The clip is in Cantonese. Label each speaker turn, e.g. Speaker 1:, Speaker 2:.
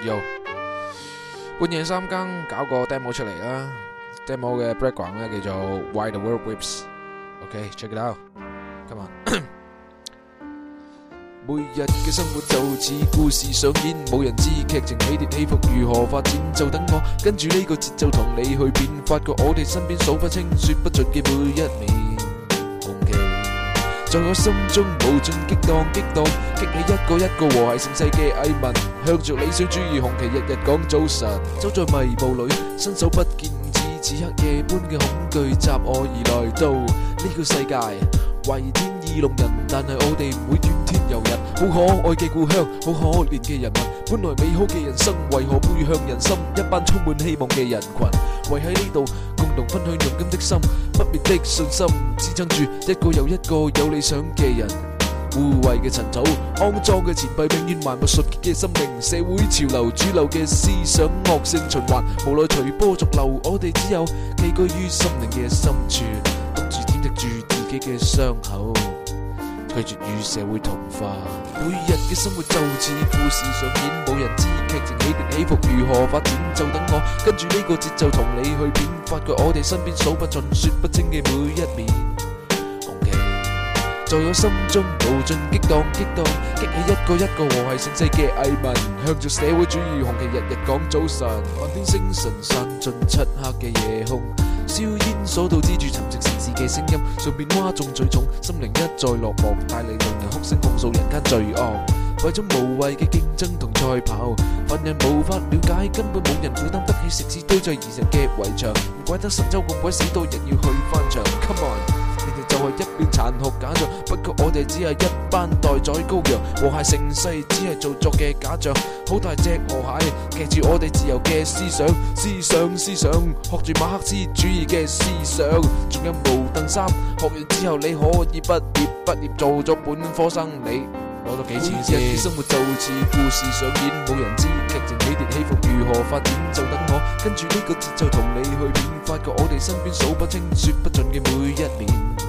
Speaker 1: Yo，半夜三更搞個 demo 出嚟啦，demo 嘅 background 呢叫做 Why the World Weeps，OK check it out，今日每日嘅生活就似故事上演，冇人知劇情起跌起伏如何發展，就等我跟住呢個節奏同你去變，發覺我哋身邊數不清、說不盡嘅每一面。在我心中無盡激蕩激蕩，激起一個一個和諧盛世嘅蟻民，向着理想主義紅旗日日講早晨。走在迷霧裏，伸手不見五指，此刻夜般嘅恐懼襲我而來到呢個世界。為天意弄人，但係我哋唔會怨天尤人。好可愛嘅故鄉，好可憐嘅人民。本來美好嘅人生，為何背向人心？一班充滿希望嘅人群，圍喺呢度，共同分享勇敢的心，不滅的信心，支撐住一個又一個有理想嘅人。污穢嘅塵土，骯髒嘅錢幣，永遠埋沒純潔嘅心靈。社會潮流主流嘅思想，惡性循環，無奈隨波逐流，我哋只有寄居於心靈嘅深處，獨自舔合住自己嘅傷口。繼續與社會同化，每日嘅生活就似故事上演，冇人知劇情起跌起伏如何發展，就等我跟住呢個節奏同你去編，發掘我哋身邊數不盡、說不清嘅每一面。紅旗在我心中無盡激盪，激盪激，激起一個一個和諧盛世嘅藝文，向着社會主義紅旗日日講早晨，萬點星辰散進漆黑嘅夜空。硝煙所到之處，沉寂城市嘅聲音，上面嘩眾取寵，心靈一再落寞，帶嚟眾人哭聲控訴人間罪惡。為咗無謂嘅競爭同賽跑，凡人無法了解，根本冇人負擔得起食肆堆砌而成嘅圍牆，唔怪得神州咁鬼死多人要去翻牆。Come on. 一片殘酷假象，不過我哋只係一班待宰羔羊，和諧盛世只係做作嘅假象。好大隻河蟹，騎住我哋自由嘅思想，思想思想，學住馬克思主義嘅思想。仲有毛鄧三，學完之後你可以畢業畢業，畢業做咗本科生你攞到幾錢先？現實生活就似故事上演，冇人知劇情起跌起伏如何發展，就等我跟住呢個節奏同你去片，發覺我哋身邊數不清、說不盡嘅每一年。